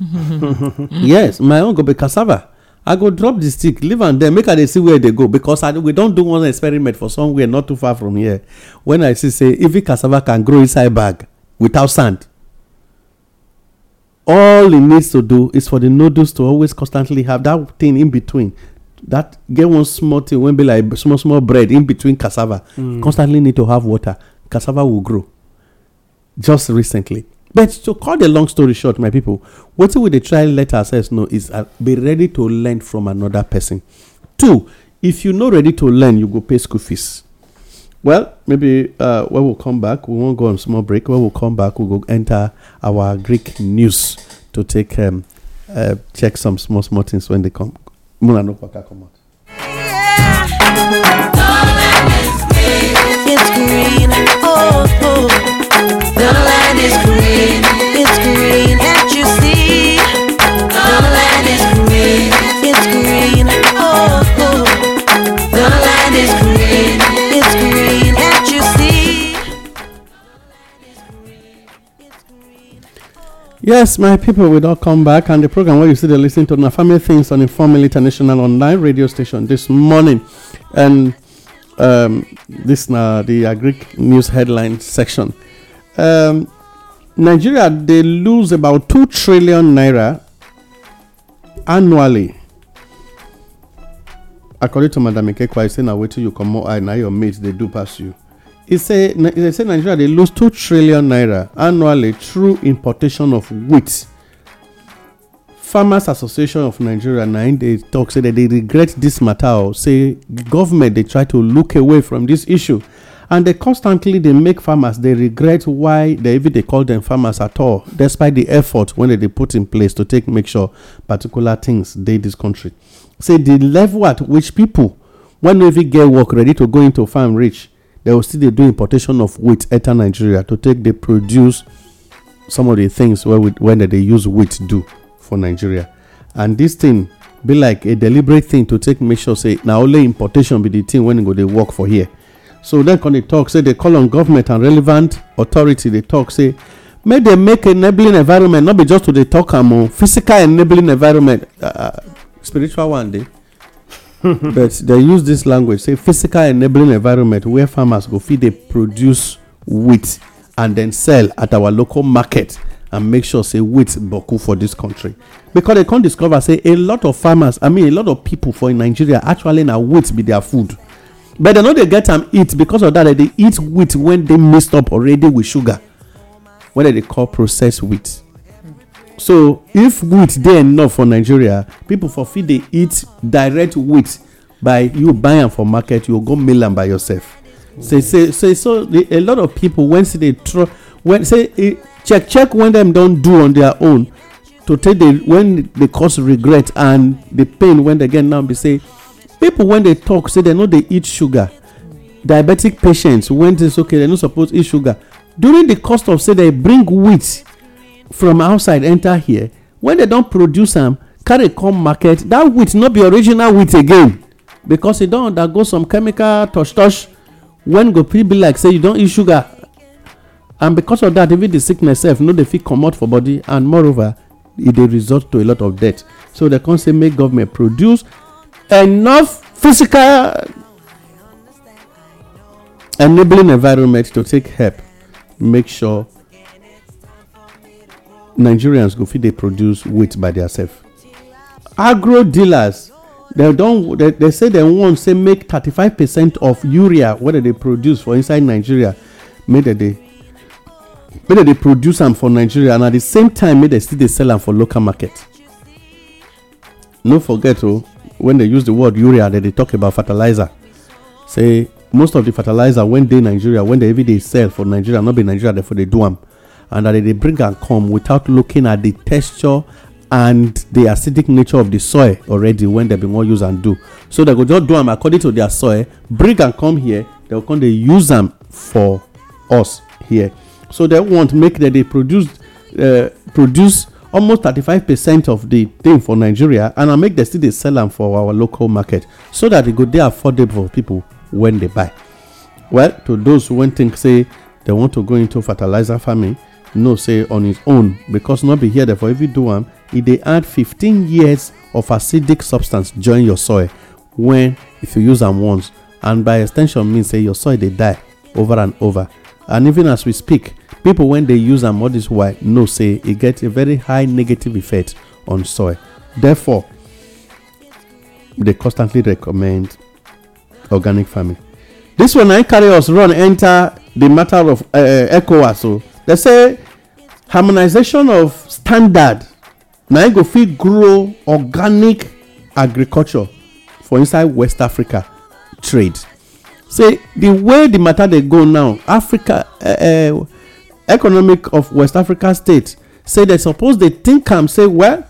yes, my own go be cassava i go drop the stick leave am there make i dey see where e dey go because i we don do one experiment for somewhere not too far from here when i see say even cassava can grow inside bag without sand all e needs to do is for the noodles to always constantly have that thing in between that get one small thing wey be like small small bread in between cassava hmm. constantly need to have water cassava will grow just recently But to cut the long story short, my people, what we they try let ourselves know is uh, be ready to learn from another person. Two, if you're not ready to learn, you go pay school fees. Well, maybe uh, when we will come back, we won't go on small break. When we will come back, we'll go enter our Greek news to take um, uh, check some small small things when they come. It's green. Oh, oh land is green, it's green Can't you see. The land is green, it's green. Oh, oh. the land is green, it's green Can't you see. Yes, my people, we all come back, and the program where you see the listening to Nafami Things on Informal International online radio station this morning, and. Um, this now uh, the agri news headline section. Um, Nigeria they lose about two trillion naira annually. According to Madam Ikekwa, he say na wetin you comot eye na your mate dey do pass you. He say he say Nigeria dey lose two trillion naira annually through importation of wheat. Farmers Association of Nigeria na im dey talk say dem dey regret dis matter o say government dey try to look away from dis issue and they constantly they make farmers they regret why they even they call them farmers at all despite the effort when they put in place to take make sure particular things they this country say the level at which people when they get work ready to go into farm rich they will still they do importation of wheat enter nigeria to take they produce some of the things where we, when they use wheat do for nigeria and this thing be like a deliberate thing to take make sure say now only importation be the thing when go they work for here so then, come they talk say they call on government and relevant authority They talk say make they make enabling environment not be just to the talk am o physical enabling environment uh, uh, spiritual one dey but they use this language say physical enabling environment where farmers go feed, they produce wheat and then sell at our local market and make sure say wheat boku for this country because they can't discover say a lot of farmers i mean a lot of people for in nigeria actually now wheat be their food but dem no dey get am eat because of that dem dey eat wheat wey dey mixed up already with sugar wey dem dey call processed wheat so if wheat dey enough for nigeria people for fit dey eat direct wheat by you buy am for market you go mill am by yourself say say say so a lot of people when say dey try when say e, check check when dem don do on their own to take dey when dey cause regret and the pain when dem get now be say people when they talk say they know they eat sugar diabetic patients when it's okay they're not supposed to eat sugar during the cost of say they bring wheat from outside enter here when they don't produce them, carry come market that wheat not be original wheat again because e don undergo some chemical touch touch when go people like say you don't eat sugar and because of that even the sickness sef no dey fit out for body and moreover e dey result to a lot of death so dem come say make government produce enough physical enabling environment to take help make sure nigerians go fit dey produce wheat by themselves. agro dealers dem don dem say dem wan say make thirty five percent of urea wey dem dey produce for inside nigeria make dem dey make dem dey produce am for nigeria and at the same time make dem still dey sell am for local market no forget o when they use the word urea they talk about fertilizer say most of the fertilizer wey dey nigeria wey dey everyday sell for nigeria no be nigeria therefore dey do am and that they bring am come without looking at the texture and the acidic nature of the soil already when dem bin wan use am do so dem go just do am according to their soil bring am come here dem go come dey use am for us here so dem want make dem dey produce uh, produce almost 35% of the thing for nigeria and i make dem still dey sell am for our local market so that e go dey affordable for people when they buy well to those wey think say they want to go into fertilizer farming know say on its own because no be here dem for even do am e dey add 15 years of acidic substance join your soil when if you use am once and by extension mean say your soil dey die over and over and even as we speak people when they use am all this while know say e get a very high negative effect on soil therefore they constantly recommend organic farming this one I carry us run enter the matter of uh, uh ecowas o oh. they say harmonization of standard na go fit grow organic agriculture for inside west africa trade say the way the matter dey go now africa uh, uh, economic of west africa states say dem suppose dey think am say well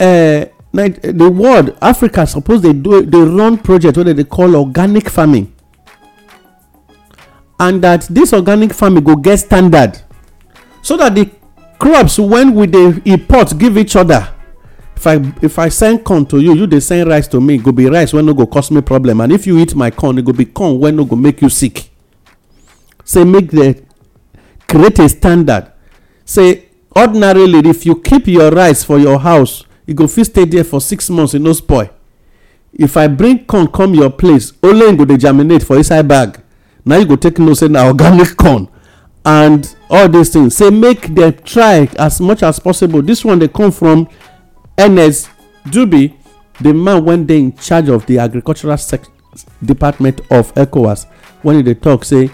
uh, the world africa suppose dey run project wey dem dey call organic farming and that this organic farming go get standard so that the crops when we dey import give each other if i if i send corn to you you dey send rice to me e go be rice wey no go cause me problem and if you eat my corn e go be corn wey no go make you sick say make the create a standard say ordinarily if you keep your rice for your house e go fit stay there for six months e no spoil if i bring corn come your place only im e go dey germinate for inside bag Now you go take know say na organic corn and all these things say make dem try as much as possible This one dey come from ernest Dubi, the man wey dey in charge of the agricultural department of ecowas wen e dey tok say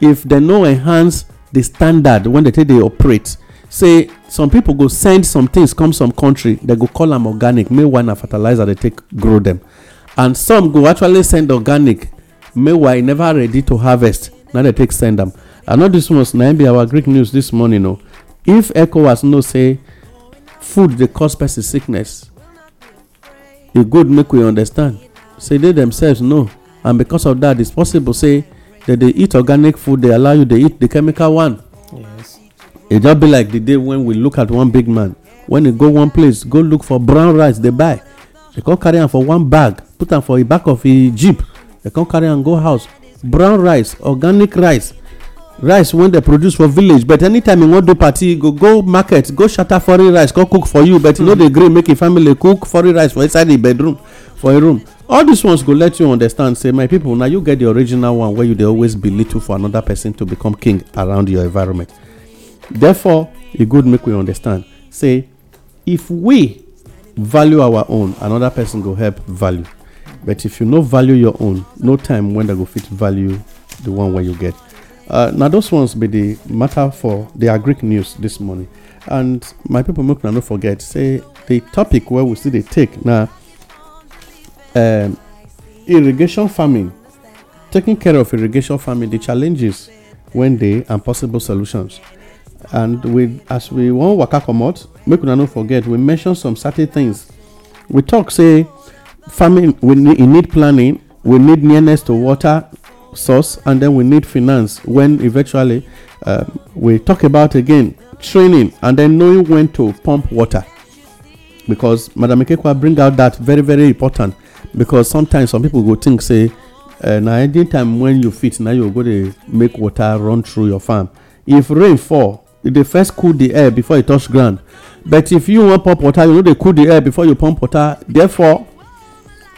if dem no enhance the standard when they take they operate say some people go send some things come some country they go call them organic meanwhile na fertilizer they take grow them, and some go actually send organic meanwhile e never ready to harvest now they take send them. I know this ones na be our greek news this morning o if ecowas know say food dey cause person sickness e good make we understand say they themselves know and because of that it's possible say dem dey eat organic food they allow you dey eat the chemical one yes e just be like the day when we look at one big man when e go one place go look for brown rice dey buy dey come carry am for one bag put am for the back of e jeep dey come carry am go house brown rice organic rice rice wey dem produce for village but anytime you wan do party go go market go shatter foreign rice come cook for you but you no dey gree make your family cook foreign rice for inside the bedroom for a room all these ones go let you understand say my people na you get the original one wey you dey always belittle for another person to become king around your environment therefore e good make we understand say if we value our own another person go help value but if you no value your own no time when dem go fit value the one wey you get Uh, now, those ones be the matter for the Greek news this morning. And my people, make no forget, say the topic where we see they take now um, irrigation farming, taking care of irrigation farming, the challenges when they and possible solutions. And we, as we want waka out, make no forget, we mention some certain things. We talk, say, farming, we need, we need planning, we need nearness to water, source and then we need finance when eventually uh, we talk about again training and then knowing when to pump water because madam ikekwa bring out that very very important because sometimes some people go think say uh, eh, any time when you fit na you go dey make water run through your farm if rain fall e dey first cool the air before e touch ground but if you wan pump water you no dey cool the air before you pump water therefore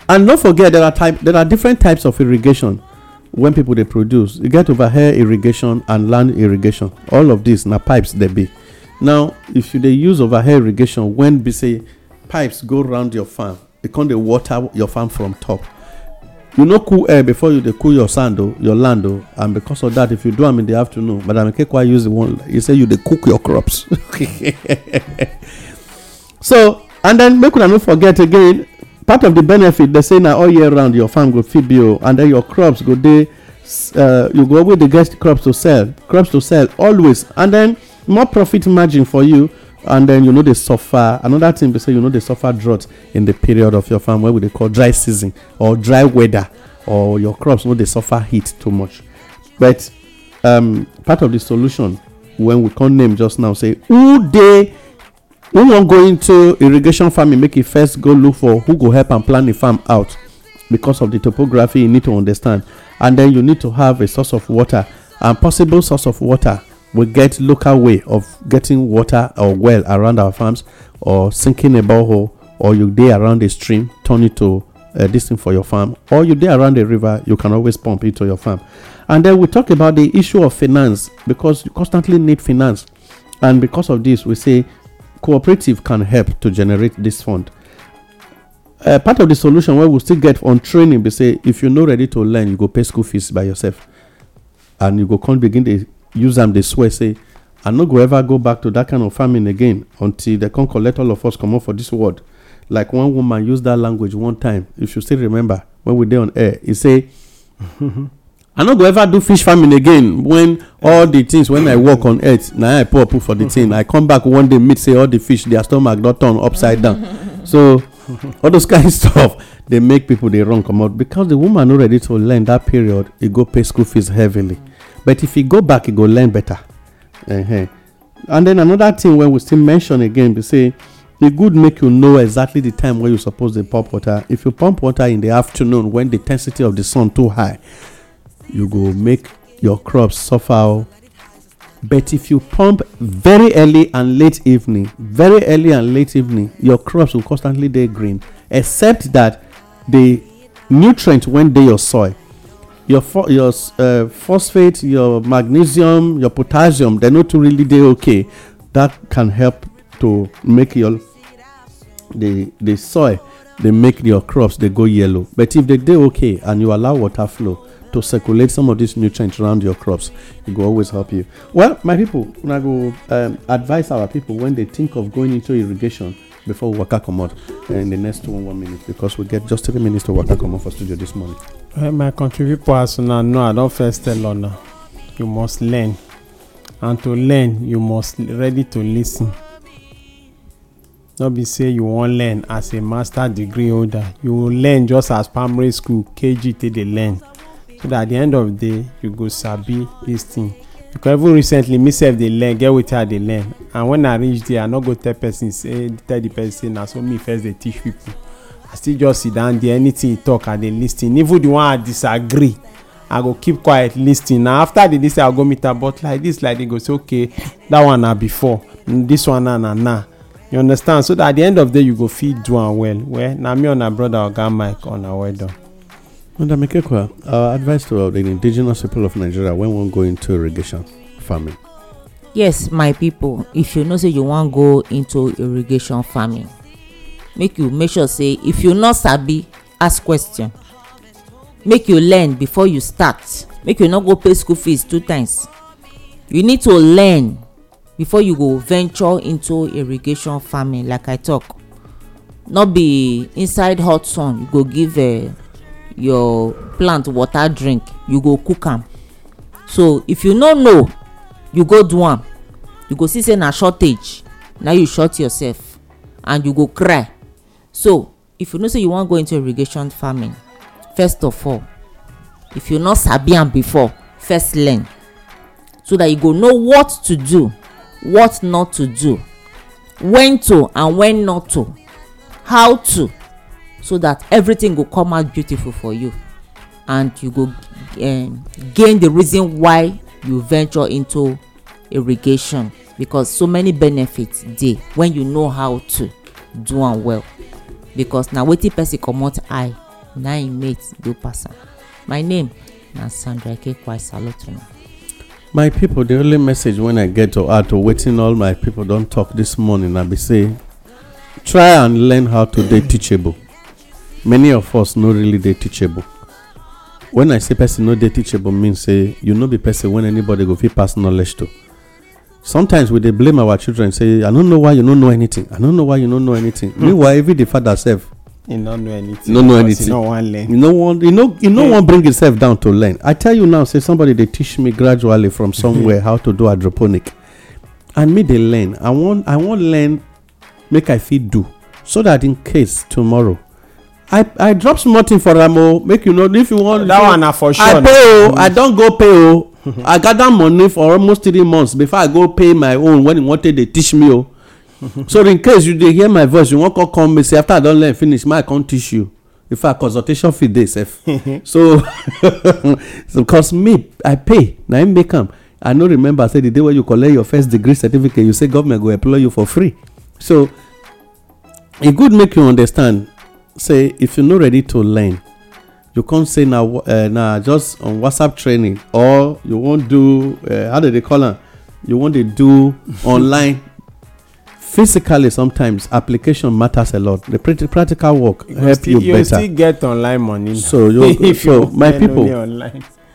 and don't forget there are type there are different types of irrigation when people they produce you e get overhead irrigation and land irrigation all of these na pipes they be now if you they use overhead irrigation when be say pipes go round your farm e come they water your farm from top you no cool air before you they cool your sand your land and because of that if you do them in the afternoon but madam kekwa use the one You e say you they cook your crops so and then make una not forget again part of the benefit they say now all year round your farm go fit be and then your crops go dey uh, you go always dey get crops to sell crops to sell always and then more profit margin for you and then you no dey suffer another thing be say you no dey suffer drought in the period of your farm wey we dey call dry season or dry weather or your crops no dey suffer heat too much but um, part of the solution when we come name just now say who dey who wan go into irrigation farming make e first go look for who go help am plan the farm out because of the topography you need to understand and then you need to have a source of water and possible source of water we get local way of getting water or well around our farms or sinking a borehole or you dey around a stream turn it to uh, this thing for your farm or you dey around a river you can always pump into your farm and then we talk about the issue of finance because you constantly need finance and because of this we say cooperative can help to generate this fund uh, part of the solution where we still get on training be say if you no ready to learn you go pay school fees by yourself and you go come begin dey use am dey swear say i no go ever go back to that kind of farming again until they come collect all of us comot for this world like one woman use that language one time if you still remember when we dey on air e say i no go ever do fish farming again when all the things when i work on earth na i pour put for the thing i come back one day meet say all the fish their stomach don turn upside down so all those kind stuff dey make people dey run comot because the woman no ready to learn that period e go pay school fees heavily but if e go back e go learn better uh-huh. and then another thing wey we still mention again be say e good make you know exactly the time wey you suppose dey pump water if you pump water in the afternoon when the intensity of the sun too high you go make your crops suffer but if you pump very early and late evening very early and late evening your crops will constantly day green except that the nutrient when day your soil your your uh, phosphate your magnesium your potassium they not too really day okay that can help to make your the the soil they make your crops they go yellow but if they day okay and you allow water flow to circulate some of these nutrients around your crops. It will always help you. Well, my people, I go um, advise our people when they think of going into irrigation before waka comot uh, in the next one one minute because we get just three minutes to waka comot for studio this morning. Well, my country people as una know I don first tell una you must learn and to learn you must ready to lis ten no be say you wan learn as a master degree holder you learn just as primary school kg take dey learn so that at the end of the day you go sabi this thing because even recently me sef dey learn get wetin i dey learn and when i reach there i no go tell person say tell the person say na so me first dey teach people i still just sit down there anything he talk i dey lis ten even the one i disagree i go keep quiet lis ten na after the lis ten i go meet am but like this like they go say okay that one na before mm, this one na na now you understand so that at the end of the day you go fit do am well well na me and my brother oga mike una well done. Wanda Mikekwa, our advice to the indigenous people of Nigeria when one go into irrigation farming. Yes, my people, if you know say you wan go into irrigation farming, make you make sure say if you not sabi, ask question. Make you learn before you start. Make you not go pay school fees two times. You need to learn before you go venture into irrigation farming like I talk. Not be inside hot sun you go give uh, your plant water drink you go cook am so if you no know you go do am you go see say na shortage na you short yourself and you go cry so if you know say you wan go into irrigation farming first of all if you no sabi am before first learn so that you go know what to do what not to do when to and when not to how to so that everything go come out beautiful for you and you go um, gain the reason why you venture into irrigation because so many benefits dey when you know how to do am well because na wetin person comot eye na im mate do pass am my name na sandra ekekwai salotuna. my people the only message wey i get to add to wetin all my people don talk this morning na be say try and learn how to dey teachable many of us no really dey teachable when i say person no dey teachable mean say you no be person when anybody go fit pass knowledge to sometimes we dey blame our children say i no know why you no know anything i no know why you no know anything hmm. meanwhile even the father sef he no know anything no know anything he no wan learn he no wan he no he no yeah. wan bring himself down to learn i tell you now say somebody dey teach me gradually from somewhere how to do hydroponic and me dey learn i wan i wan learn make i fit do so that in case tomorrow i i drop small thing for am o oh. make you know if you wan that one na for sure i pay o oh. mm-hmm. i don go pay o oh. i gather money for almost three months before i go pay my own when e wan take dey teach me o so in case you dey hear my voice you wan come call me say after i don learn finish may i come teach you If fact consultation fee dey sef so because me i pay na Him make am i no remember say the day wey you collect your first degree certificate you say government go employ you for free so e good make you understand say if you're not ready to learn you come say na eh, na just on whatsapp training or you wan do eh, how do they call am you wan dey do online physically sometimes application matters a lot the practical work help you better you still get online money so so my people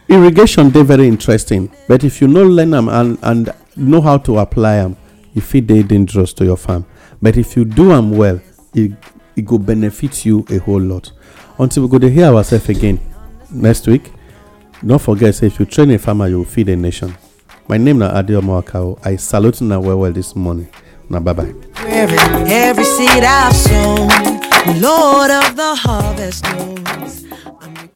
irrigation they very interesting but if you no learn them and and know how to apply them, e fit dey dangerous to your farm but if you do them well e it go benefit you a whole lot until we go to hear ourselves again next week don't forget say if you train a farmer you will feed a nation my name na Adio akao i salute una well well this morning na bye bye. every, every seed i've sown lord of the harvest knows